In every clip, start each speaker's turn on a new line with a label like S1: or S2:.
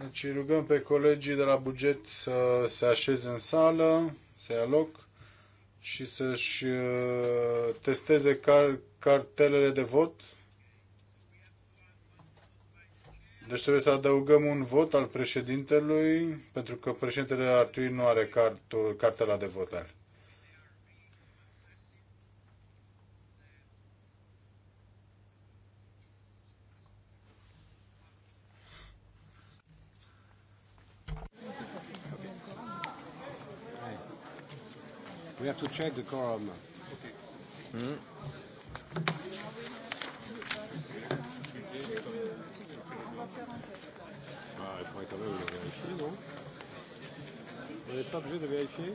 S1: Deci rugăm pe colegii de la buget să se așeze în sală, să ia loc și să-și uh, testeze car- cartelele de vot. Deci trebuie să adăugăm un vot al președintelui, pentru că președintele Artui nu are cartul, cartela de votare. We have to check the quorum. Okay. Mm. Ah, il faudrait quand même le vérifier, non pas obligé de vérifier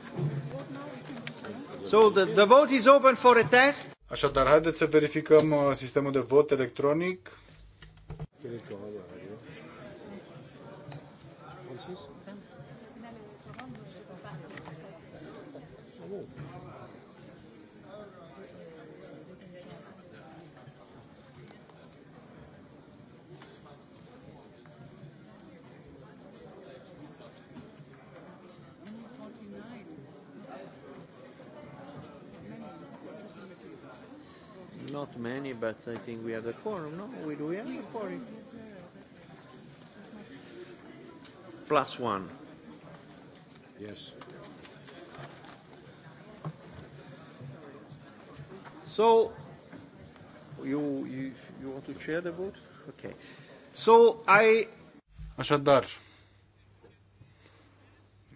S1: So the, the vote is open for a test. Așadar, haideți să verificăm uh, sistemul de vot electronic. not many, but I think we have the quorum. No, we do we have the quorum. Plus one. Yes. So, you, you, you want to chair the vote? Okay. So, I... Așadar,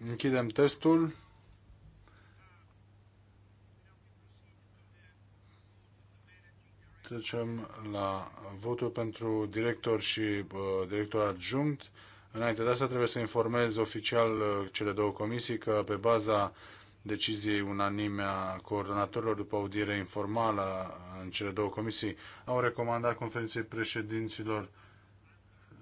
S1: închidem testul. Trecem la votul pentru director și uh, director adjunct. Înainte de asta trebuie să informez oficial uh, cele două comisii că pe baza deciziei unanime a coordonatorilor după audiere informală în cele două comisii, au recomandat conferinței președinților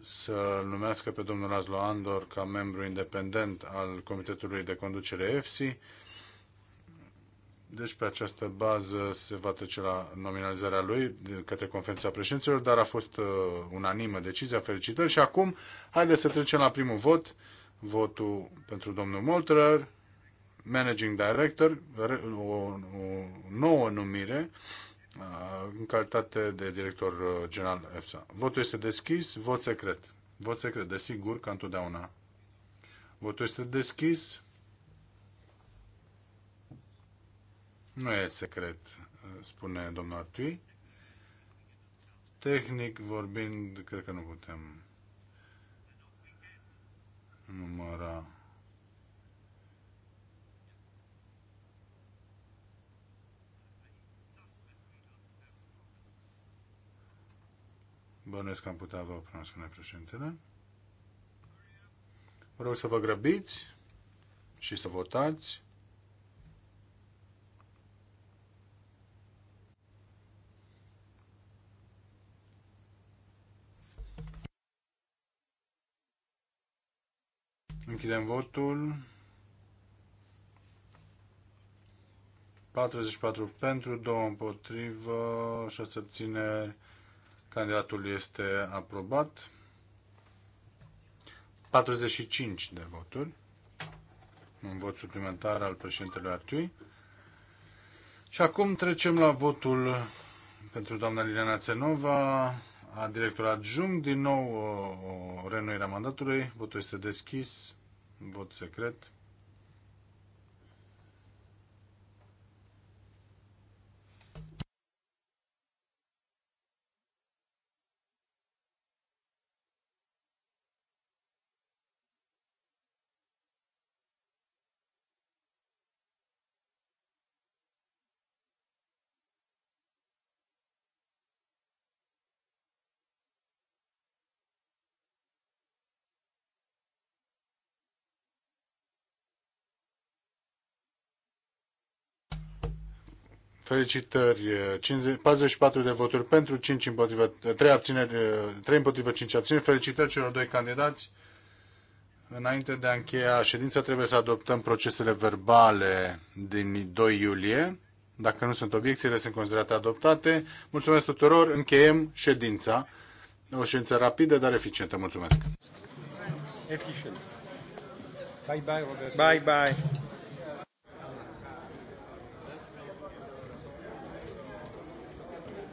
S1: să numească pe domnul Laszlo Andor ca membru independent al Comitetului de Conducere EFSI. Deci pe această bază se va trece la nominalizarea lui către conferința președinților, dar a fost uh, unanimă decizia, felicitări. Și acum, haideți să trecem la primul vot, votul pentru domnul Molterer managing director, o, o nouă numire uh, în calitate de director uh, general EFSA. Votul este deschis, vot secret. Vot secret, desigur, ca întotdeauna. Votul este deschis. Nu e secret, spune domnul Artui. Tehnic vorbind, cred că nu putem număra Bănuiesc că am putea avea o problemă, spune președintele. Vă rog să vă grăbiți și să votați. Închidem votul. 44 pentru, 2 împotrivă, 6 abțineri. Candidatul este aprobat. 45 de voturi. Un vot suplimentar al președintelui Artiui. Și acum trecem la votul pentru doamna Liliana Țenova, a directorului adjunct, din nou o, o renoire a mandatului. Votul este deschis, vot secret. Felicitări, 50, 44 de voturi pentru, 5 împotrivă, 3, abțineri, 3 împotrivă, 5 abțineri. Felicitări celor doi candidați. Înainte de a încheia ședința, trebuie să adoptăm procesele verbale din 2 iulie. Dacă nu sunt obiecțiile, sunt considerate adoptate. Mulțumesc tuturor, încheiem ședința. O ședință rapidă, dar eficientă. Mulțumesc! Efficient. Bye bye, Robert. Bye bye.